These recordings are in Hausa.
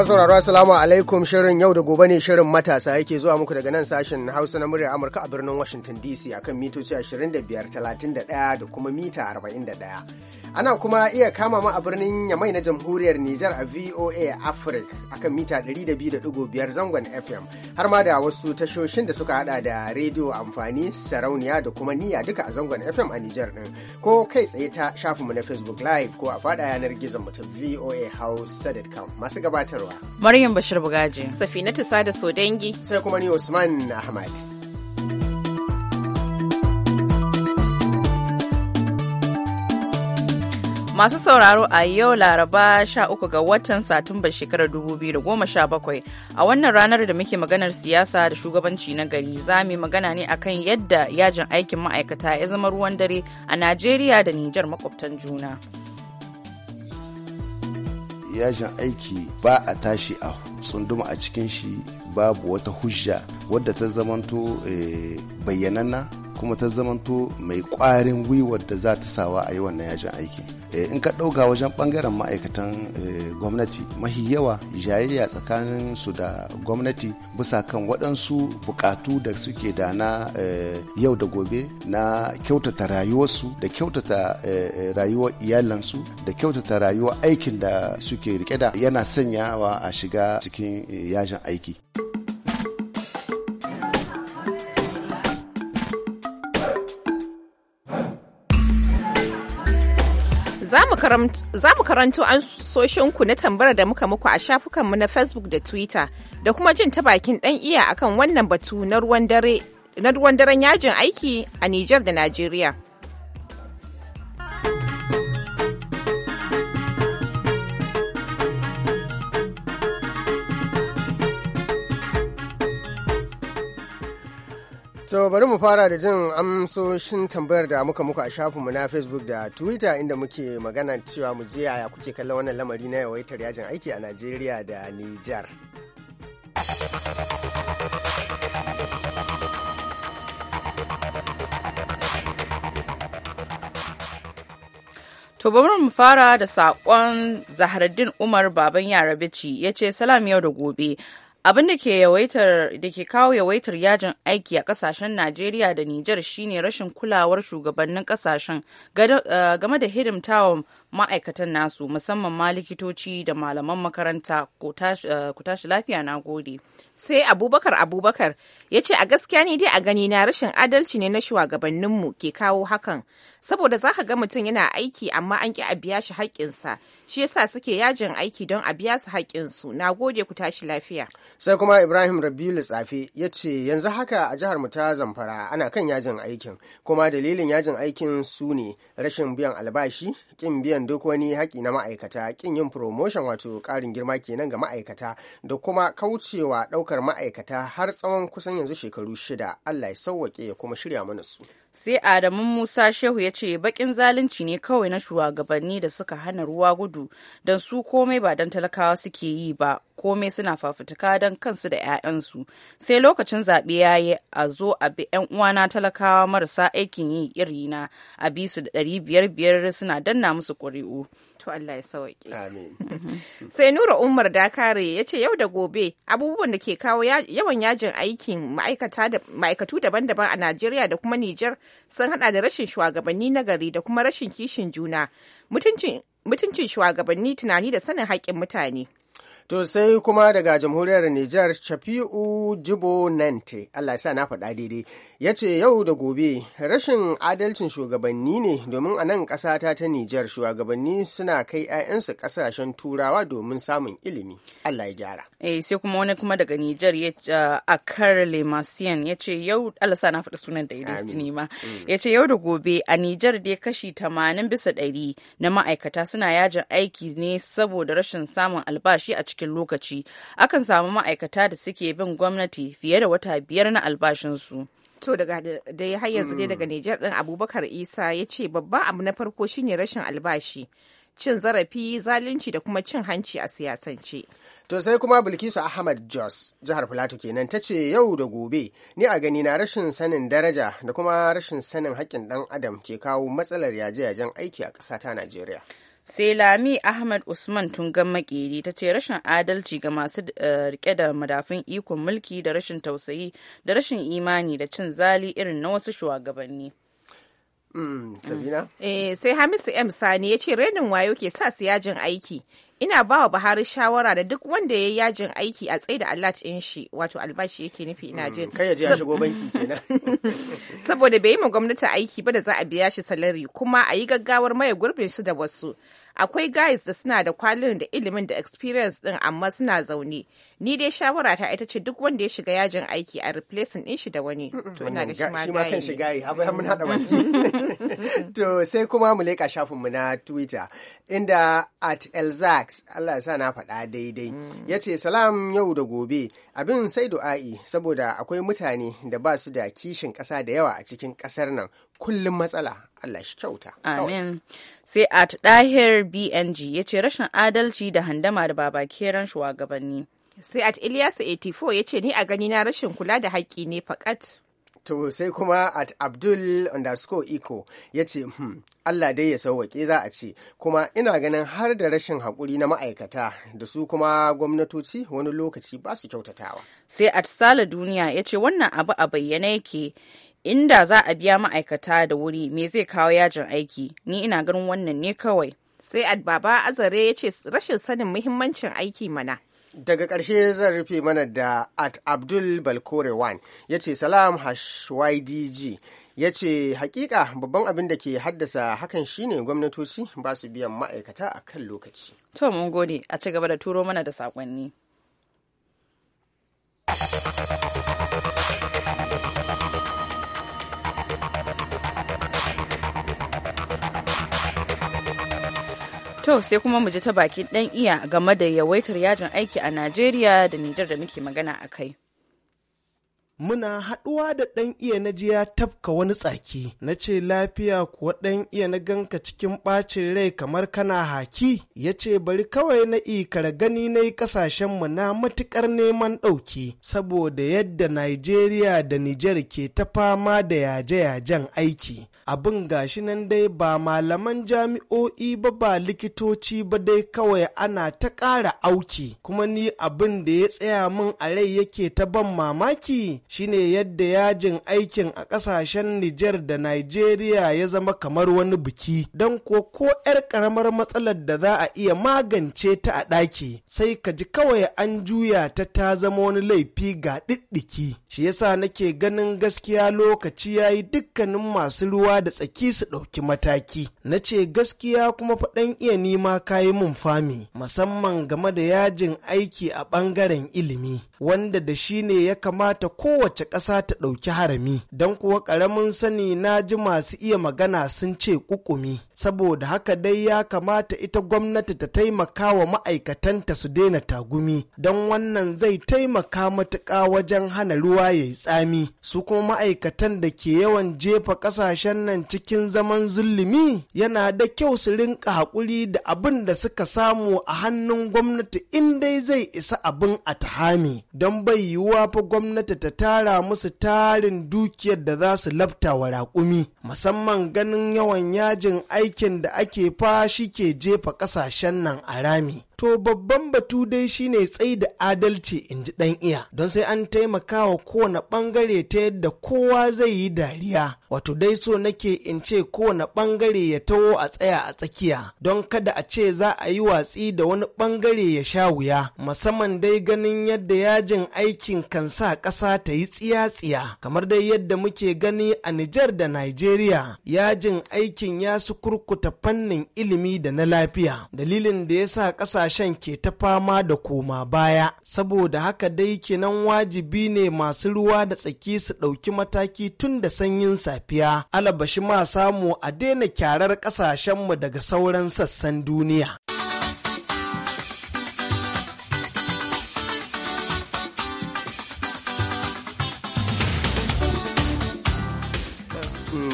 sauraro assalamu alaikum shirin yau da gobe ne shirin matasa yake zuwa muku daga nan sashen hausa na muryar amurka a birnin washington dc akan mitoci 2531 da kuma mita 41 ana kuma iya kama mu a birnin yamai na jamhuriyar nijar a voa africa kan mita 200.5 zangon fm har ma da wasu tashoshin da suka hada da rediyo amfani sarauniya da kuma niya duka a zangon fm a nijar din ko kai tsaye ta shafinmu na facebook live ko a fada yanar gizon mu ta voa hausa.com masu gabatar Maryam Bashir Bugaji. Safinatu Sada Sodangi. Sai kuma ni Usman Ahmad. Masu sauraro a yau Laraba 13 ga watan Satumba shekarar 2017 a wannan ranar da muke maganar siyasa da shugabanci na gari za mu magana ne akan yadda yajin aikin ma'aikata ya zama ruwan dare a Najeriya da Nijar makwabtan juna. yajin aiki ba a tashi a tsunduma a cikin shi babu wata hujja wadda ta zamanto eh, bayyanana kuma ta zamanto mai ƙwarin gwiwar da za ta sawa a yi wannan yajin aiki Eh, in ka ɗauka wajen ɓangaren ma'aikatan eh, gwamnati mahi yawa jayayya tsakanin su da gwamnati bisa kan waɗansu buƙatu da suke da na eh, yau da gobe na kyautata rayuwarsu da kyautata rayuwar iyalansu da kyautata rayuwar aikin da suke rike da yana sanyawa a shiga cikin yajin aiki. za mu karanto an soshinku na tambayar da muka muku a shafukanmu na Facebook da Twitter da kuma jin ta bakin ɗan iya akan wannan batu na ruwan daren yajin aiki a Nijar da Najeriya. So bari mu fara da jin amsoshin tambayar da muka muku a shafinmu na Facebook da Twitter inda muke magana cewa mu je yaya kuke kallon wannan lamari na yawaitar yajin aiki a Najeriya da Nijar. To bari mu fara da saƙon Zahraddin Umar baban Yarabici ya ce salam yau da gobe. abin da ke kawo yawaitar yajin aiki a kasashen najeriya da nijar shine rashin kulawar shugabannin kasashen eh, game da hidimtawa ma'aikatan nasu musamman ma likitoci da malaman makaranta eh, ku tashi lafiya na gode sai abubakar abubakar ya ce a gaskiya ne dai a gani na rashin adalci ne na shugabanninmu ke kawo hakan saboda za ka ga mutum yana aiki amma an ki a biya shi haƙƙinsa shi yasa suke yajin aiki don a biya su haƙƙinsu na gode ku tashi lafiya sai kuma ibrahim rabiu tsafe ya ce yanzu haka a jihar mu ta zamfara ana kan yajin aikin kuma dalilin yajin aikin su ne rashin biyan albashi kin biyan kan duk wani haƙi na ma'aikata ƙin yin promotion wato ƙarin girma kenan ga ma'aikata da kuma kaucewa ɗaukar ma'aikata har tsawon kusan yanzu shekaru shida allah ya sauwaƙe ya kuma shirya mana su sai adamu musa shehu ya ce bakin zalunci ne kawai na shugabanni da suka hana ruwa gudu don su komai ba don talakawa suke yi ba komai suna fafutuka don kansu da 'ya'yansu sai lokacin zaɓe ya yi a zo a bi 'yan uwana talakawa marasa aikin yi irina a bi su da 500 suna danna musu ƙuri'u To Allah ya sauke. Sai Nura Umar Dakare ya ce yau da gobe abubuwan da ke kawo yawan yajin aikin ma'aikatu daban-daban a Najeriya da kuma Nijar sun hada da rashin shugabanni na gari da kuma rashin kishin juna, mutuncin shugabanni tunani da sanin haƙƙin mutane. To sai kuma daga jamhuriyar Nijar Shafi'u Jibo Nante, Allah sa na faɗa daidai, ya ce yau da gobe rashin adalcin shugabanni ne domin a nan ƙasata ta Nijar shugabanni suna kai 'ya'yansu ƙasashen turawa domin samun ilimi. Allah ya gyara. Eh sai kuma wani kuma daga Nijar ya a kar Lemasiyan ya ce yau Allah sa na faɗa sunan daidai ne ma. Mm. Ya ce yau da gobe a Nijar dai kashi tamanin bisa ɗari na ma'aikata suna yajin aiki ne saboda rashin samun albashi a cikin lokaci akan samu ma'aikata da suke bin gwamnati fiye da wata biyar na albashinsu. to daga dai har yanzu dai daga hmm. Nijar din Abubakar Isa ya ce babban abu na farko shine rashin albashi. Cin zarafi, zalunci da kuma cin hanci a siyasance. To sai kuma Bilkisu Ahmad Jos, jihar Filato kenan ta ce yau da gobe ni a gani na rashin sanin daraja da kuma rashin sanin haƙƙin ɗan adam ke kawo matsalar yaje-yajen aiki a ƙasa ta Najeriya. sai lami ahmad usman tungan makeri ta ce rashin adalci ga masu eh, rike da madafin ikon mulki da rashin tausayi da rashin imani da cin zali irin na wasu shugabanni Mm, mm. Eh, sai Hamisu M. Sani ya ce renin wayo ke sa su yajin aiki. Ina ba wa Buhari shawara da duk wanda ya yi yajin aiki a tsaye da Allah ɗin shi wato albashi yake nufi ina mm, jin. Saboda bai yi ma gwamnati aiki ba da za a biya shi salari kuma a yi gaggawar maye gurbin su da wasu. akwai guys da suna da kwalin da ilimin da experience din amma suna zaune ni dai shawara ta ita ce duk wanda ya shiga yajin aiki a replacing din shi da wani to ina ga shi ma kan shi gayi abai mun hada baki to sai kuma mu leka shafin mu na twitter inda at elzax Allah ya sa na faɗa daidai mm. yace salam yau da gobe abin sai du'a'i saboda akwai mutane da ba su da kishin ƙasa da yawa a cikin ƙasar nan kullum matsala Allah shi kyauta. Amin. Sai at ɗahir BNG ya ce rashin adalci da handama da Baba babakeran shugabanni. Sai at Ilyasu 84 ya ce ni a gani na rashin kula da haƙƙi ne fakat. to sai kuma at abdul underscore iko ya ce hmm, allah dai ya sauwaƙe za a ce kuma ina ganin har da rashin haƙuri na ma'aikata da su kuma gwamnatoci wani lokaci ba su kyautatawa sai at sala duniya ya ce wannan abu a bayyane yake inda za a biya ma'aikata da wuri me zai kawo yajin aiki ni ina ganin wannan ne kawai sai Baba azare ya ce rashin sanin muhimmancin aiki mana daga ƙarshe zan rufe mana da at abdul balkorewan ya ce salam HYDG", ya ce hakika babban abin da ke haddasa hakan shine gwamnatoci ba su biyan ma'aikata a kan lokaci to mun gode a ci gaba da turo mana da saƙonni To sai kuma mu ji ta bakin ɗan iya game da yawaitar yajin aiki a Najeriya da Nijar da muke magana a kai. muna haɗuwa da ɗan iya na ji ya tafka wani tsaki na ce lafiya kuwa ɗan iya na ganka cikin ɓacin rai kamar kana haki ya ce bari kawai na ikara gani na yi ƙasashenmu na matuƙar neman ɗauki saboda yadda Najeriya da Nijar ke ta fama da yaje-yajen aiki abin gashi nan dai ba malaman jami'o'i ba ba likitoci ba dai kawai ana ta ƙara auki kuma ni abin da ya tsaya min a rai yake ta ban mamaki shine yadda yajin aikin a ƙasashen Nijar da Najeriya ya zama kamar wani biki don ko ko 'yar ƙaramar matsalar da za a iya magance ta a ɗaki sai ka ji kawai an juya ta ta zama wani laifi ga ɗiɗɗiki shi yasa nake ganin gaskiya lokaci ya yi dukkanin masu ruwa da tsaki su ɗauki mataki na ce gaskiya kuma faɗan iya nima ka yi mun fami musamman game da yajin aiki a ɓangaren ilimi wanda da shi ne ya kamata kowa kowace ƙasa ta ɗauki harami don kuwa ƙaramin sani na ji masu iya magana sun ce ƙuƙumi. saboda haka dai ya kamata ita gwamnati ta taimaka wa ma'aikatanta su daina tagumi don wannan zai taimaka matuƙa wajen hana ruwa ya yi tsami su kuma ma'aikatan da ke yawan jefa ƙasashen nan cikin zaman zulumi yana da kyau su rinka haƙuri da abin da suka samu a hannun gwamnati in dai zai isa abin a tahami don bai yiwuwa fa gwamnati ta tara musu tarin dukiyar da za su labta wa raƙumi musamman ganin yawan yajin aiki aikin da ake fa shi ke jefa ƙasashen nan a rami To babban batu dai shine tsayi da adalci in ji ɗan iya don sai an taimaka wa kowane ɓangare ta yadda kowa zai yi dariya. Wato dai so nake in ce kowane ɓangare ya taho a tsaya a tsakiya don kada a ce za a yi watsi da wani ɓangare ya sha wuya musamman dai ganin yadda yajin aikin kan sa ƙasa ta yi tsiya-tsiya kamar dai yadda muke gani a Nijar da Najeriya yajin aikin ya su kurkuta fannin ilimi da na lafiya dalilin da ya sa ƙasashe kasashen ke ta fama da koma baya saboda haka dai kenan wajibi ne masu ruwa da tsaki su ɗauki mataki tun da sanyin safiya alabashi ma samu a daina kyarar kasashenmu daga sauran sassan duniya.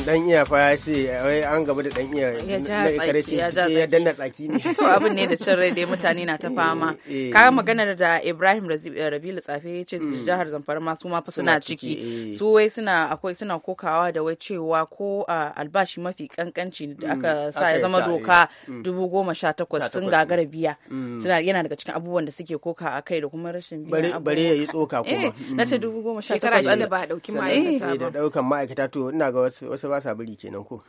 dan iya fa ya ce wai an gaba da dan iya na ikare ce ya eh, danna tsaki ne to abin ne da cin rai dai mutane na ta fama eh, eh. ka magana da Ibrahim Rabilu Tsafe ya ce mm. jihar Zamfara ma su ma fa suna ciki su wai suna akwai suna kokawa da wai cewa ko albashi mafi kankanci da mm, aka sa ya zama doka mm. dubu goma sha takwas sun gagara biya suna yana daga cikin abubuwan da suke koka a kai da kuma rashin biyan bare ya yi tsoka kuma na ce dubu goma sha takwas da ba a ɗauki ma'aikata ba da ɗaukan ma'aikata to ina ga wasu wasu ba ba biri kenan ko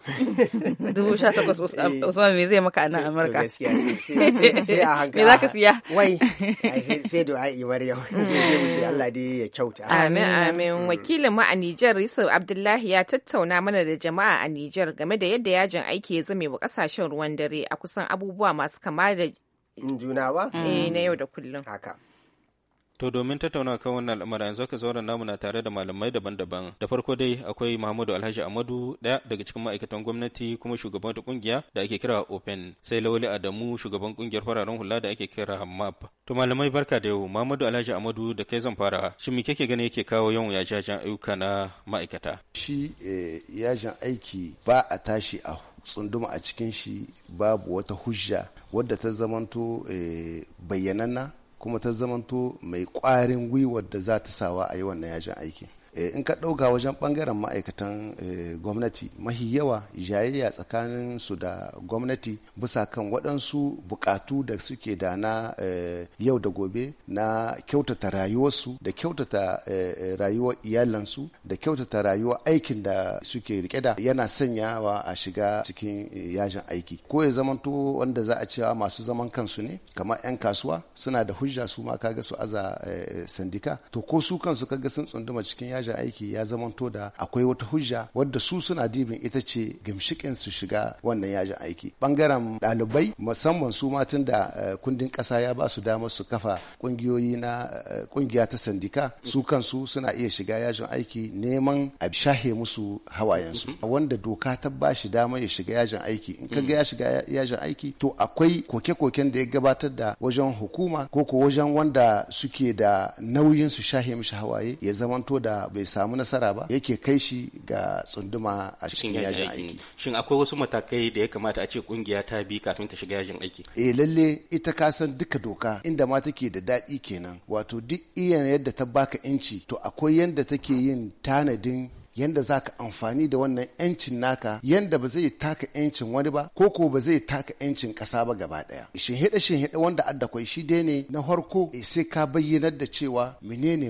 dubu sha takwas eh. usman me zai maka a nan amurka gaskiya sai a hankali me za ka siya wai sai da ai maryam sai zai wuce allah dai ya kyauta amin amin mm. wakilin ma a nijar yusuf abdullahi ya tattauna mana da jama'a a nijar game da yadda yajin aiki ya zame wa kasashen ruwan dare a kusan abubuwa masu kama da junawa eh na yau da kullum haka To domin tattauna kan wannan al'amura yanzu ka zauna namu na tare da malamai daban-daban. Da farko dai akwai Mahmudu Alhaji Amadu ɗaya daga cikin ma'aikatan gwamnati kuma shugaban da kungiya da ake kira Open. Sai Lawali Adamu shugaban kungiyar fararen hula da ake kira MAP. To malamai barka da yau Mahmudu Alhaji Ahmadu da kai zan fara. Shin me kake gani yake kawo yawan yajajin ayyuka na ma'aikata? Shi eh, yajin aiki ba a tashi a tsunduma a cikin shi babu wata hujja wadda ta zamanto eh, bayyanana kuma ta zamanto mai ƙwarin gwiwar da za ta sawa a yi wannan yajin aikin Eh, in ka ɗauka wajen ɓangaren ma'aikatan eh, gwamnati mahi yawa jayayya tsakanin su da gwamnati bisa kan waɗansu buƙatu da suke da na eh, yau da gobe na kyautata rayuwarsu da kyautata rayuwar iyalansu da kyautata rayuwar aikin da suke rike da yana sanyawa a shiga cikin yajin aiki ko ya zama to wanda za a cewa masu zaman kansu ne kamar 'yan kasuwa suna da hujja su ma kaga su aza sandika to ko su kansu kaga sun tsunduma cikin yajin aiki ya zamanto da akwai wata hujja wadda su suna dibin ita ce gimshikin su shiga wannan yajin aiki bangaren ɗalibai musamman su ma tun da eh, kundin ƙasa ya ba su damar su kafa ƙungiyoyi na eh, ƙungiya ta sandika su kansu suna iya shiga yajin aiki neman a shahe musu hawayensu mm-hmm. wanda doka ta ba shi damar ya shiga yajin aiki in ka ga ya mm-hmm. shiga yajin aiki to akwai koke-koken da ya gabatar da wajen hukuma ko ko wajen wanda suke da nauyin su shahe mishi hawaye ya zamanto da bai samu nasara ba yake kai shi ga tsunduma a cikin yajin aiki shin akwai wasu matakai da ya kamata a ce kungiya ta bi kafin ta shiga yajin aiki eh lalle ita ka san duka doka inda ma take da daɗi kenan wato duk iya yadda ta baka inci to akwai yadda take yin tanadin yanda za ka amfani da wannan 'yancin naka yanda ba zai taka 'yancin wani ba ko ko ba zai taka 'yancin ƙasa ba gaba ɗaya shinhiɗe shinhiɗe wanda adda kwai shi dai ne na farko eh, sai ka bayyanar da cewa menene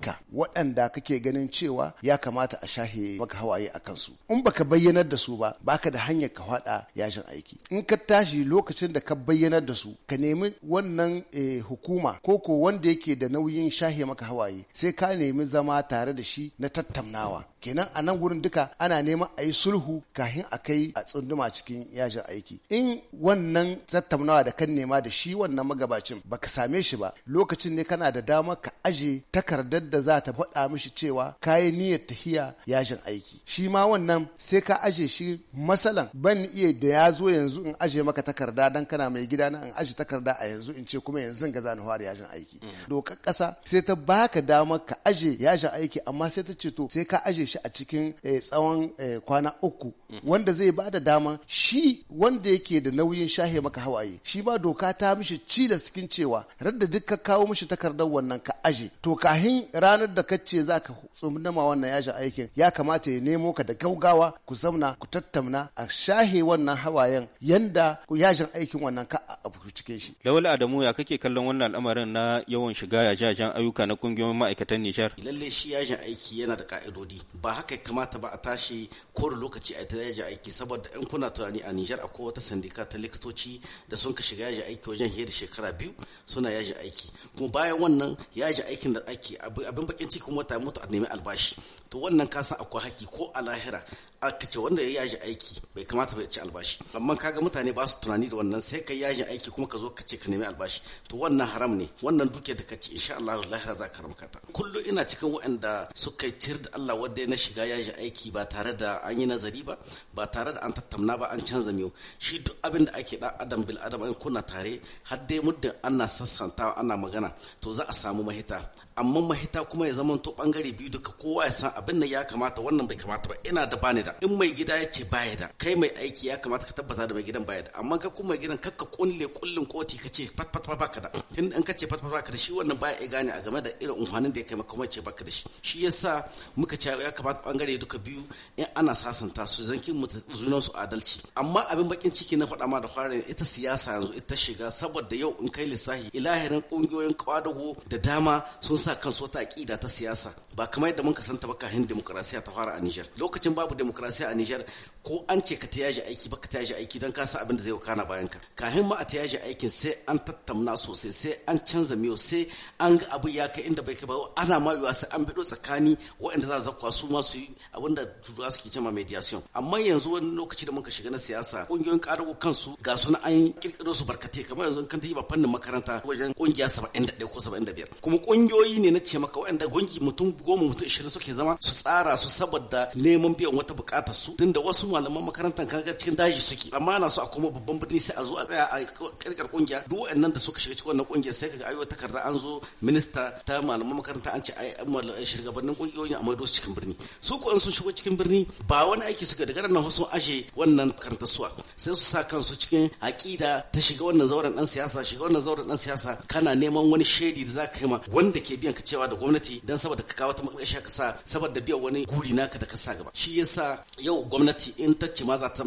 ka waɗanda kake ganin cewa ya kamata a shahe maka hawaye a kansu in baka bayyanar da su ba baka da hanyar ka faɗa yashin aiki in ka tashi lokacin da ka bayyanar da su ka nemi wannan eh, hukuma ko ko wanda yake da nauyin shahe maka hawaye sai ka nemi zama tare da shi na tattaunawa kenan a nan gurin duka ana neman a yi sulhu kahin a kai a tsunduma cikin yajin aiki in wannan tattaunawa da kan nema da shi wannan magabacin baka same shi ba lokacin ne kana da dama ka aje takardar da za ta faɗa mishi cewa kayi niyyar tahiya yajin aiki shi ma wannan sai ka aje shi masalan ban iya da ya zo yanzu in aje maka takarda dan kana mai gida na in aje takarda a yanzu in ce kuma yanzu ga zani fara yajin aiki mm. dokar kasa sai ta baka dama ka aje yajin aiki amma sai ta ce to sai ka aje shi a cikin eh, tsawon eh, kwana uku wanda zai ba da dama shi wanda yake da nauyin shahe maka hawaye shi ma doka ta mishi cila cikin cewa radda duk ka kawo mishi takardar wannan ka aje to kahin ranar da kace za ka tsumnama wannan yashin aikin ya kamata ya nemo ka da gaugawa ku zauna ku tattauna a shahe wannan hawayen yanda yashin aikin wannan ka a cikin shi lawal adamu ya kake kallon wannan al'amarin na yawan shiga yajajen ayyuka na kungiyoyin ma'aikatan Nijar lalle shi yajin aiki yana da ka'idodi ba haka kamata ba a tashi kore lokaci a ta yaji aiki saboda in kuna tunani a Nijar akwai wata sandika ta likitoci da sun ka shiga yaji aiki wajen hiyar shekara biyu suna yaji aiki kuma bayan wannan yaji aikin da ake abin bakin ciki kuma ta mutu a nemi albashi to wannan kasan akwai haƙƙi ko a lahira aka ce wanda ya yaji aiki bai kamata bai ci albashi amma kaga mutane ba su tunani da wannan sai ka yaji aiki kuma ka zo ka ce ka nemi albashi to wannan haram ne wannan duke da ka kace insha Allah lahira za ka ramka ta kullu ina cikin waɗanda suka cir da Allah wanda na shiga yaji aiki ba tare da an yi nazari ba ba tare da an tattauna ba an canza miyo shi duk abin da ake da adam bil adam ai kuna tare har dai muddin ana sassantawa ana magana to za a samu mahita amma mahita kuma ya zama to bangare biyu duka kowa ya san abin nan ya kamata wannan bai kamata ba ina da bani da in mai gida ya ce baya da kai mai aiki ya kamata ka tabbata da mai gidan baya da amma ka kuma gidan ka kulle kullun koti ka ce fat fat baka da tun in ka ce fat fat baka da shi wannan baya ya gane a game da irin unhanin da ya kai maka kuma ce baka da shi shi yasa muka ce ya kamata bangare duka biyu in ana sasanta su zankin mu zunan su adalci amma abin bakin ciki na faɗa ma da kwarin ita siyasa yanzu ita shiga saboda yau in kai lissahi ilahirin kungiyoyin kwadago da dama sun sa sa kansu wata aƙida ta siyasa ba kamar yadda mun kasanta ba kahin demokrasiya ta fara a Nijar lokacin babu demokrasiya a Nijar ko an ce ka ta aiki ba ka ta aiki don kasa abin da zai wakana bayan ka kahin ma a ta yaji aikin sai an tattamna sosai sai an canza miyo sai an ga abu ya kai inda bai kai ba ana ma yiwa sai an bido tsakani waɗanda za zakwa su ma su yi abin da su ke cema mediation amma yanzu wani lokaci da muka shiga na siyasa ƙungiyoyin ƙarago kansu ga su na an kirkiro su barkatai kamar yanzu kan ta yi ba fannin makaranta wajen ƙungiya 71 ko 75 kuma ƙungiyoyi yi ne na ce maka wa'anda gungi mutum goma mutum ishirin suke zama su tsara su saboda neman biyan wata bukatar su tunda wasu malaman makarantar kaga cikin daji suke amma na so a koma babban birni sai a zo a tsaya a kirkar kungiya duk wa'annan da suka shiga cikin wannan kungiya sai kaga ayo takarda an zo minista ta malaman makaranta an ce ai malaman shugabannin kungiyoyin a maido cikin birni su ko an sun shigo cikin birni ba wani aiki suka daga nan sun aje wannan karanta suwa sai su sa kansu cikin aqida ta shiga wannan zauren dan siyasa shiga wannan zauren dan siyasa kana neman wani shedi da za ka yi ma wanda ke biyan ka cewa da gwamnati dan saboda ka kawo ta makarƙashiya kasa saboda biyan wani guri naka da ka sa gaba shi yasa yau gwamnati in ta ce ma za ta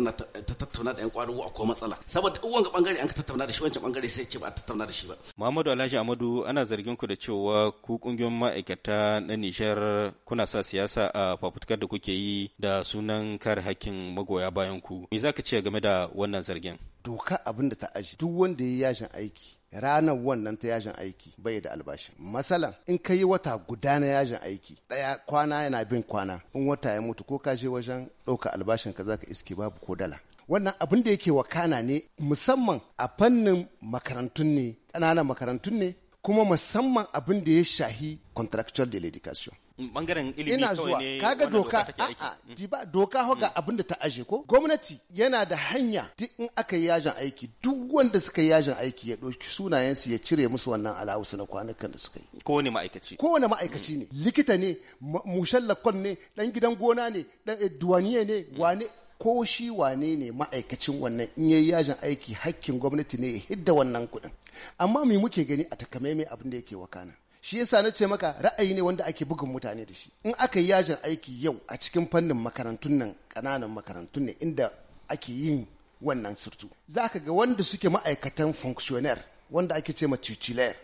tattauna da yan a akwai matsala saboda uwan ga bangare an ka tattauna da shi wancan bangare sai ce ba a tattauna da shi ba Muhammadu Alhaji Amadu ana zargin ku da cewa ku kungiyoyin ma'aikata na Nishar kuna sa siyasa a fafutukar da kuke yi da sunan kare hakkin magoya bayan ku me zaka ce game da wannan zargin doka abin da ta aji duk wanda ya yi yashin aiki ranar wannan ta yajin aiki bai da albashi masalan in ka yi wata guda na yajin aiki ɗaya kwana yana bin kwana in wata ya mutu ko ka je wajen ɗauka albashin ka zaka iske babu ko dala wannan abin da yake wakana ne musamman a fannin makarantun ne ƙananan makarantun ne kuma musamman abin da ya shahi contractual de bangaren ilimi ina zuwa kaga doka a'a mm. doka hoga mm. abinda ta aje ko gwamnati yana da hanya duk in aka yi yajin aiki duk wanda suka yi yajin aiki ya ɗauki sunayensu ya cire musu wannan alawusu na kwanakan da suka yi Ko wani ma'aikaci Ko wani mm. ma'aikaci ne likita ne mushen lakon ne dan gidan gona ne dan eh, duwaniye ne wane ko shi wane ne ma'aikacin wannan in yayi yajin aiki hakkin gwamnati ne ya hidda wannan kuɗin amma me muke gani a takamaimai abin da yake wakana shi yasa na ce maka ra'ayi ne wanda ake bugun mutane da shi in aka yi yajin aiki yau a cikin fannin makarantun nan ƙananan makarantun ne inda ake yin wannan surtu za ka ga wanda suke ma'aikatan functionaire wanda ake ce ma titular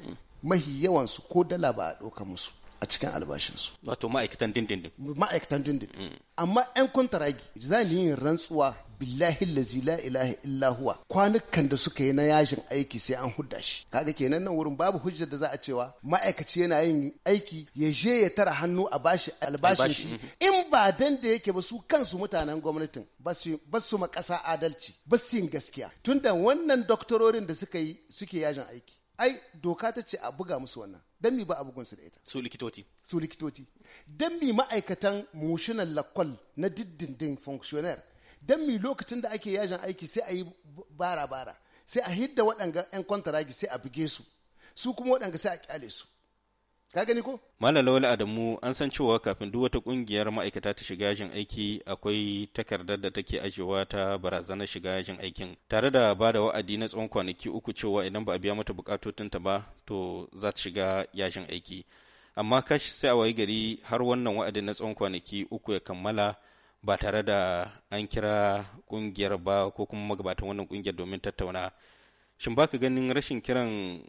mahi yawansu ko dala ba a ɗauka musu a cikin albashinsu. Wato ma'aikatan dindindin. Ma'aikatan dindindin. Mm. Amma 'yan kwantaragi za ni yin rantsuwa billahi lazi la ilaha illa huwa kwanukan da suka yi na yashin aiki sai an hudda shi kaga kenan nan wurin babu hujjar da za a cewa ma'aikaci yana yin aiki ya je ya tara hannu a bashi albashin shi mhm. in ba dan da yake ba su kansu mutanen gwamnatin ba su ma ƙasa adalci ba su yin gaskiya tunda wannan doktororin da suka yi suke yajin aiki ai doka ta ce a buga musu wannan dan mi ba a bugunsu da ita su likitoci. su likitoci. dan mi ma'aikatan mushinan lakwal na diddindin fonctionnaire don mi lokacin da ake yajin aiki sai a yi bara-bara sai a hidda waɗanga 'yan kwantaragi sai a buge su su kuma waɗanga sai a kyale su ka gani ko malam lawal adamu an san cewa kafin duk wata kungiyar ma'aikata ta shiga yajin aiki akwai takardar da take ajewa ta barazanar shiga yajin aikin tare da ba da wa'adi na tsawon kwanaki uku cewa idan ba a biya mata bukatotinta ba to za ta shiga yajin aiki amma kashi sai a wayi gari har wannan wa'adin na tsawon kwanaki uku ya kammala ba tare da an kira kungiyar ba ko kuma magabatan wannan kungiyar domin tattauna shin baka ganin rashin kiran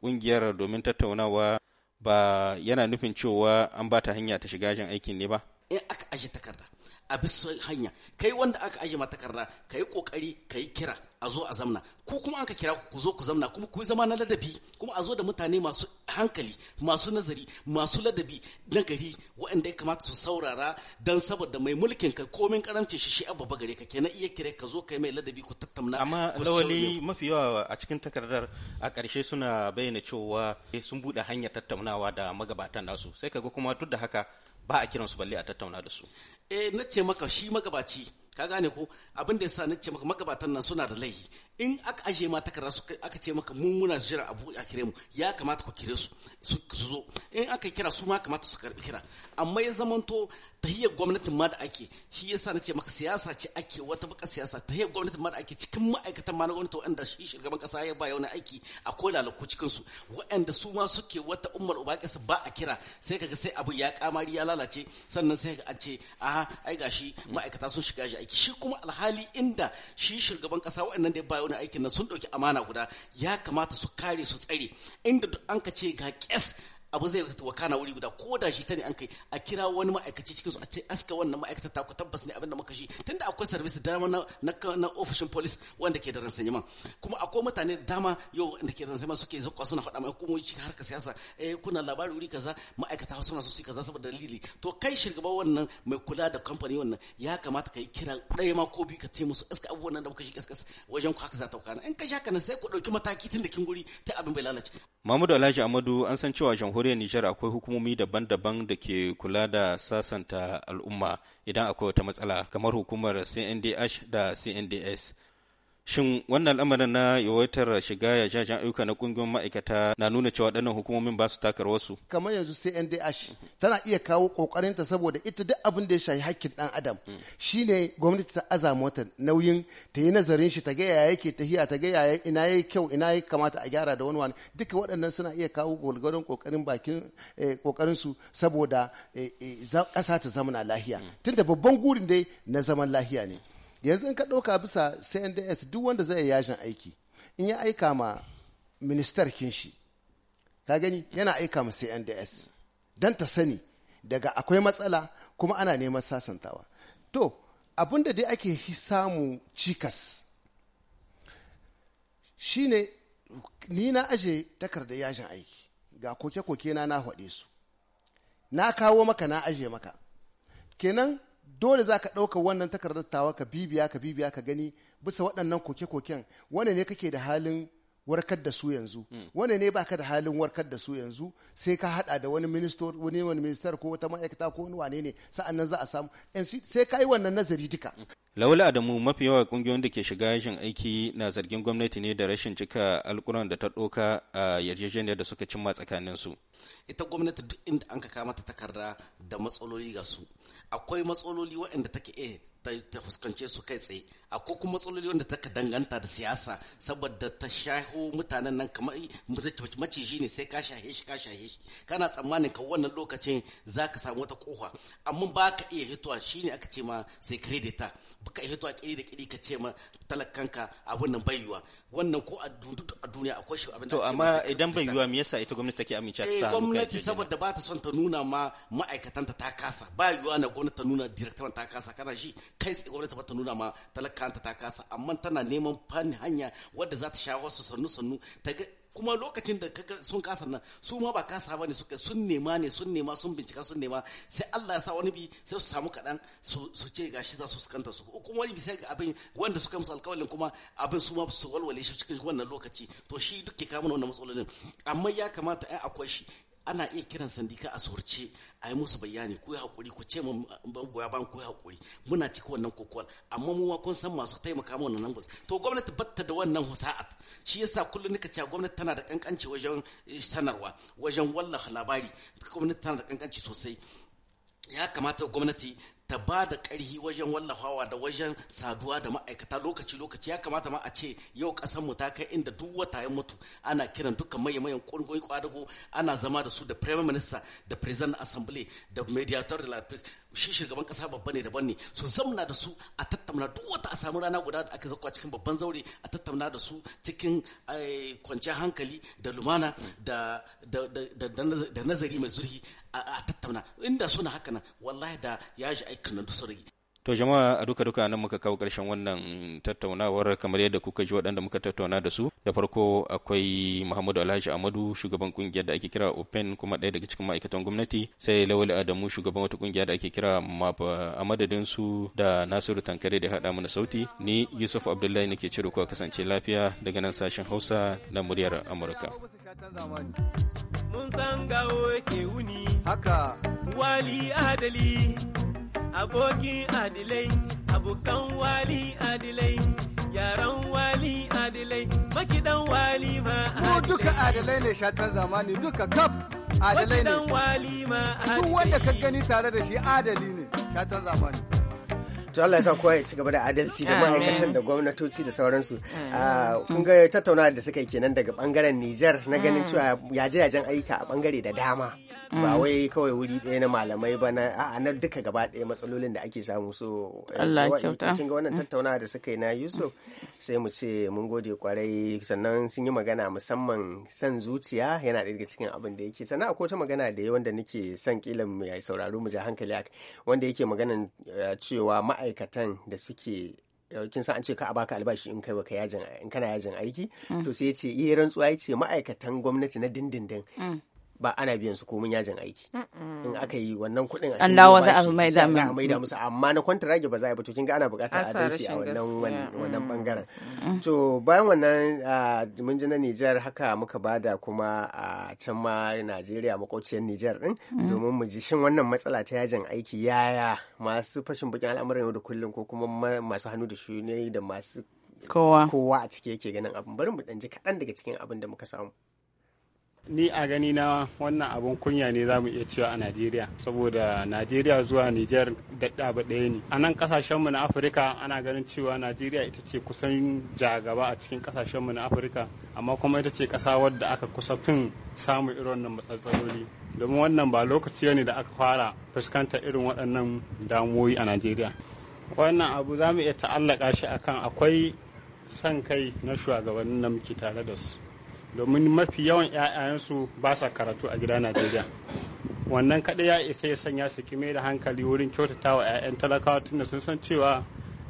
kungiyar eh, domin tattaunawa ba yana nufin cewa an ba ta hanya ta shiga ajin aikin ne ba in eh, aka ajiye takarda a bisa hanya kai wanda aka aje matakarda ka yi kokari yi kira a zo a zamna ku kuma an ka kira ku zo ku zamna kuma ku zama na ladabi kuma a zo da mutane masu hankali masu nazari masu ladabi na gari waɗanda ya kamata su saurara don saboda mai mulkin ka komin karamcin shi shi abba gare ka kenan iya kire ka zo kai mai ladabi ku tattauna amma lawali mafi yawa a cikin takardar a ƙarshe suna bayyana cewa sun buɗe hanyar tattaunawa da magabatan nasu sai ka ga kuma duk da haka ba a kiransu balle a tattauna da su eh na ce maka shi magabaci ka gane ko abin da yasa na ce maka magabatan nan suna da laihi in aka aje ma takarda su aka ce maka mun muna jira abu a kire mu ya kamata ku kire su su zo in aka kira su ma kamata su karbi kira amma ya zamanto tahiyar gwamnatin ma da ake shi yasa na ce maka siyasa ce ake wata baka siyasa tahiyar gwamnatin ma da ake cikin ma'aikatan ma na gwamnati wanda shi shugaban kasa ya ba yauna aiki a akwai lalaku cikin su wa'anda su ma suke wata ummar uba kasa ba a kira sai kaga sai abu ya kamari ya lalace sannan sai ka ce aha ai gashi ma'aikata sun shiga shi aiki shi kuma alhali inda shi shugaban kasa waɗannan da bayo na aikin nan sun ɗauki amana guda ya kamata su kare su tsare inda duk an ka ce ga kes abu zai wakana wuri guda ko da shi ta ne an kai a kira wani ma'aikaci cikin su a ce aska wannan ma'aikata ta ku tabbas ne abin da muka shi tunda akwai service da dama na na ofishin police wanda ke da ma kuma akwai mutane da dama yau da ke ransanyama suke zakwa suna faɗa mai hukumomi cikin harkar siyasa eh kuna labari wuri kaza ma'aikata suna so su kaza saboda dalili to kai shirgaba wannan mai kula da kamfani wannan ya kamata ka yi kira ɗaya ma ko biyu ka ce musu aska abubuwan nan da muka shi kaskas wajen ku haka za ta wakana in ka sha kana sai ku ɗauki mataki tun da kin guri ta abin bai lalace Mahmud Alhaji Amadu an san cewa jamhuriyar Nijar akwai hukumomi daban-daban da ke kula da sasanta al'umma idan akwai wata matsala kamar hukumar CNDH da CNDS. Shin wannan al'amarin na yawaitar shiga ya jajen ayyuka na kungiyoyin ma'aikata na nuna cewa ɗannan hukumomin ba su takar wasu? Kamar yanzu CNDH tana iya kawo ƙoƙarinta saboda ita duk abin da ya shafi hakkin ɗan adam hmm. shine gwamnati ta aza mota nauyin ta yi nazarin shi ta ga yaya yake tahiya ta ga yaya ina yayi kyau ina yayi kamata a gyara da wani wani duka waɗannan suna iya kawo gwalgwadon ƙoƙarin bakin eh, ƙoƙarin su saboda eh, eh, ƙasa ta zamana lahiya hmm. tunda babban gurin dai na zaman lahiya ne. yanzu in ka ɗauka bisa cnds duk wanda zai yajin aiki in ya aika ma ministar kinshi ka gani yana aika ma cnds don ta sani daga akwai matsala kuma ana neman sasantawa to abin da dai ake samu cikas shine ni na aje takardar yajin aiki ga koke-koke na na haɗe su na kawo maka na aje maka kenan dole za ka ɗauka wannan takardar tawa ka bibiya ka bibiya ka gani bisa waɗannan koke-koken wane ne kake da halin warkar da su yanzu hmm. wane ne baka da halin warkar da su yanzu sai ka hada da wani minister wani wani minister ko wata ma'aikata ko wani wane ne sa'an nan za a samu sai ka yi wannan nazari duka Laula Adamu mafi yawa kungiyoyin da ke shiga yajin aiki na zargin gwamnati ne da rashin cika alkuran da ta ɗoka a yarjejeniyar da suka cimma tsakanin su. Ita gwamnati duk inda an ka kama ta takarda da matsaloli ga su akwai matsaloli waɗanda take iya ta fuskance su kai tsaye akwai kuma matsaloli wanda ta danganta da siyasa saboda ta shaho mutanen nan kamar maciji ne sai ka shahe shi ka shahe shi kana tsammanin ka wannan lokacin za ka samu wata kofa amma ba ka iya hitowa ne aka ce ma sai kredita ba ka iya hitowa kiri da kiri ka ce ma talakanka abin nan bai yiwa wannan ko a duniya akwai shi abin da to amma idan bai yiwa me yasa ita gwamnati take amince. ta eh, gwamnati saboda ba ta son ta nuna ma ma'aikatanta ta kasa ba yiwa na gwamnati ta nuna direktawan ta kasa kana shi kai tsaye gwamnati ta nuna ma talakanta ta kasa amma tana neman fani hanya wadda za ta shawo su sannu sannu ta ga kuma lokacin da sun kasa nan su ma ba kasa bane suka sun nema ne sun nema sun bincika sun nema sai Allah ya sa wani bi sai su samu kadan su ce gashi za su sukanta su kuma wani bi sai ga abin wanda suka musu alƙawarin kuma abin su ma su walwale shi cikin wannan lokaci to shi duk ke kawo wannan matsalolin amma ya kamata ai akwai shi ana iya kiran sandika a sorce a yi musu bayani ko haƙuri hakuri ku ce mun goya ban ko yi hakuri muna cikin wannan kokowar amma mu kun san masu taimaka mu wannan numbers to gwamnati batta da wannan husa'at shi yasa kullun nika cewa gwamnati tana da kankanci wajen sanarwa wajen wallafa labari gwamnati tana da kankanci sosai ya kamata gwamnati ta ba da ƙarfi wajen wallafawa da wajen saduwa da ma'aikata lokaci-lokaci ya kamata ma a ce yau ƙasar mu ta kai inda duk wata ya mutu ana kiran dukkan mayan ƙungiyoyin ƙwadago ana zama da su da prime minister da president assembly da mediator de la shi shugaban kasa babba ne daban ne su zamna da su a tattauna duk wata a samu rana guda da aka zakwa cikin babban zaure a tattauna da su cikin eh, kwanciyar hankali da lumana da nazari mai zurfi a tattauna inda suna haka nan wallahi da ya ji aikin nan duk To jama'a a duka-duka nan muka kawo ƙarshen wannan tattaunawar kamar yadda kuka ji waɗanda muka tattauna da su. Da farko akwai Muhammadu Alhaji Amadu shugaban kungiyar da ake kira Open kuma ɗaya daga cikin ma'aikatan gwamnati sai Lawali Adamu shugaban wata kungiya da ake kira MAP a madadin su da Nasiru Tankare da haɗa mana sauti. Ni Yusuf Abdullahi nake cire ku kasance lafiya daga nan sashen Hausa na muryar Amurka. Mun san gawo yake wuni haka wali adali abokin adilai abokan wali adilai yaran wali adilai makidan wali ma adilai mu duka adilai ne shatan zamani duka kaf adilai ne duk wanda ka gani tare da shi adali ne shatan zamani to Allah ya sa kowa ya ci gaba da adalci da ma'aikatan da gwamnatoci da sauransu ah, kun ga tattaunawa da suka yi kenan daga bangaren Nijar na ganin mm. cewa ya yaje yajen aika a bangare da dama mm. ba wai kawai wuri ɗaya na malamai ba na a duka gaba ɗaya matsalolin da ake samu so eh, Allah kin ga wannan mm. tattaunawa da suka yi na Yusuf sai mu ce mun gode kwarai sannan sun yi magana musamman san zuciya yana daga cikin abin da yake sannan akwai wata magana da yawan da nake son kila mu sauraro mu ja hankali wanda yake maganan eh, cewa ma'a ma'aikatan da suke eh, kin san an ce ka a baka albashi in kai baka yajin in kana yajin aiki mm. to sai ya ce yi eh, rantsuwa ya ce ma'aikatan gwamnati na dindindin mm. ba ana biyan su komin yajin aiki in aka yi wannan kuɗin an dawo za a mai da da musu amma na kwanta rage ba za a yi ba to kinga ana buƙatar adalci a wannan wannan bangaren to bayan wannan mun ji na Nijar haka muka ba da kuma a can ma Najeriya makwauciyar Nijar din domin mu ji shin wannan matsala ta yajin aiki yaya masu fashin bakin al'amuran yau da kullum ko kuma masu hannu da shi da masu kowa kowa a ciki yake ganin abin bari mu dan ji kaɗan daga cikin abin da muka samu ni a gani na wannan abun kunya ne zamu iya cewa a najeriya saboda najeriya zuwa niger daɗa ɗaya ne a nan ƙasashenmu na afirka ana ganin cewa najeriya ita ce kusan jagaba a cikin ƙasashenmu na afirka amma kuma ita ce ƙasa wadda aka kusa fin samun irin wannan matsatsaloli domin wannan ba lokaci ne da aka fara fuskantar irin waɗannan damuwoyi a najeriya wannan abu za mu iya ta'allaka shi akan akwai son kai na shugabannin da muke tare da su domin mafi yawan 'ya'yansu ba sa karatu a gida najeriya wannan kaɗai ya isa ya sanya su kime da hankali wurin kyautata wa 'ya'yan talakawa tunda sun san cewa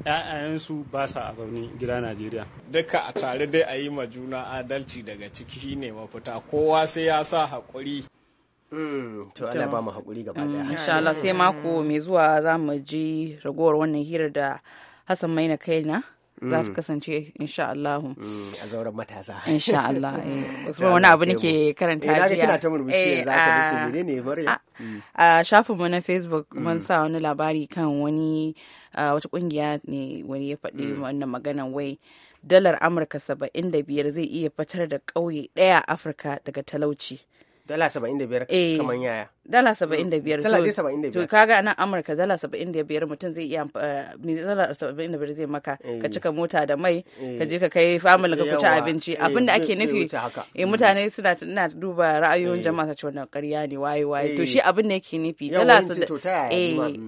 'ya'yansu ba sa a zaune gida najeriya duka a tare dai a yi ma juna adalci daga ciki ne mafita kowa sai ya sa haƙuri hmm, to ana ba mu haƙuri gaba daya. Mm, insha Allah sai mako mai zuwa za mu ji ragowar wannan hirar da Hassan Maina kaina za ta mm. kasance insha Allah mm, a zauren matasa insha Allah eh, usman wani abu nake karanta eh, jiya eh kina ta murmushi eh, yanzu aka dace ah, menene a ah, mm. ah, shafin mu na Facebook mun sa wani labari kan wani wata kungiya ne wani ya faɗi wannan maganan wai dalar Amurka saba'in da biyar zai iya fitar da ƙauye ɗaya Afirka daga talauci dala biyar kamar yaya dala saba'in da biyar dala saba'in da biyar to kaga anan amurka dala saba'in da biyar mutum zai iya eh, dala saba'in da biyar zai maka eh. ka cika mota da mai ka eh. je ka kai famil ka kuci abinci abin da ake nufi eh mm. mutane suna na duba ra'ayoyin jama'a cewa wannan ƙarya ne waye waye to shi abin da yake nufi dala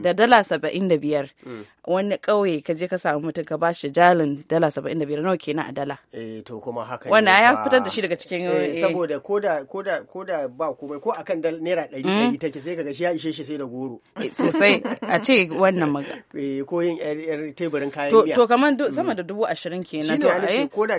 da dala saba'in da biyar mm. wani ƙauye ka je ka samu mutum ka ba shi jalin dala saba'in da biyar nawa kenan a dala eh to kuma haka wannan ya fitar da shi daga cikin saboda ko da ba komai ko akan naira ɗari Eh. ita ce sai kaga shi ya ishe shi sai da goro eh, sosai a ce wannan maga eh, ko yin yar teburin kayan miya to kamar sama mm. da dubu ashirin kenan to ai ko da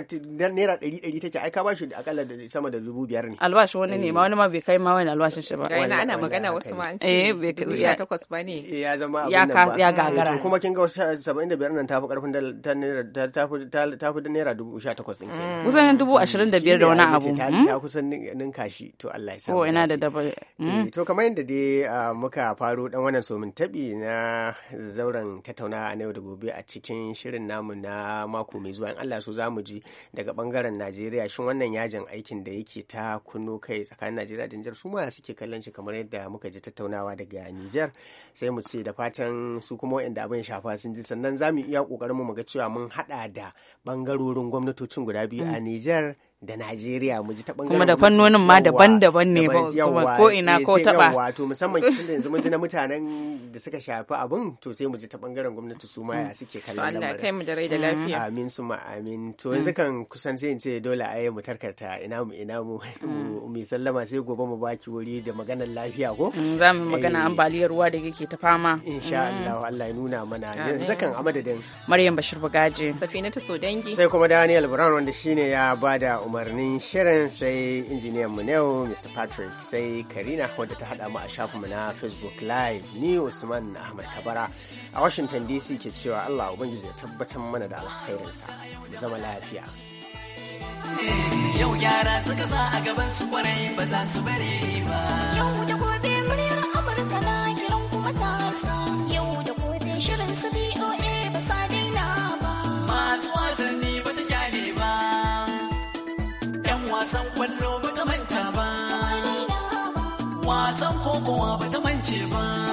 naira ɗari ɗari take ai ka bashi akalla da sama da dubu biyar ne albashi wani ne ma wani ma bai kai ma wani albashin shi ba na ana magana wasu ma an ce dubu ya takwas ba ne ya zama abin nan ba ya gagara kuma kin ga saba'in da biyar nan tafi karfin ta naira tafi naira dubu sha takwas ɗin kenan mm. kusan dubu ashirin da biyar da wani abu hmm? ta kusan ninka shi to Allah ya sa ko oh, ina da dabar hmm? to kamar kamar yadda dai muka faru dan wannan somin tabi na zauren tattaunawa na yau da gobe a cikin shirin namu na mako mai zuwa in Allah so zamu ji daga bangaren Najeriya shin wannan yajin aikin da yake ta kunno kai tsakanin Najeriya da Nijar su ma suke kallon shi kamar yadda muka ji tattaunawa daga Nijar sai mu ce da fatan su kuma waɗanda abin shafa sun ji sannan za mu iya kokarin mu ga cewa mun hada da bangarorin gwamnatocin guda biyu a mm. Nijar da Najeriya mu ji ta bangaren kuma da fannonin ma daban-daban ne ba eh, ko ina ko taba wato musamman tun da yanzu mun ji na mutanen da suka shafi abun. to sai mu ji ta bangaren gwamnati su ma ya mm. suke kallon lamarin Allah kai mu da rai da mm. lafiya amin su ma amin to mm. yanzu kan kusan sai in ce dole a mu tarkarta ina mu ina mu mu sallama sai gobe mu baki wuri da maganar lafiya ko za mu magana eh. ambaliyar ruwa da yake ta fama insha Allah Allah ya nuna mana yanzu kan a madadin Maryam Bashir Bugaje Safinatu Sodangi sai kuma Daniel Brown wanda shine ya bada umarnin shirin sai injiniyan mu yau Mr. Patrick sai Karina wadda ta haɗa mu a shafinmu na Facebook Live ni Usman Ahmad Kabara a Washington DC ke cewa Allah Ubangiji ya tabbatar mana da alkhairinsa mu zama lafiya. Yau gyara suka sa a gaban su kwarai ba za su bare ba. kowa ba ta mance ba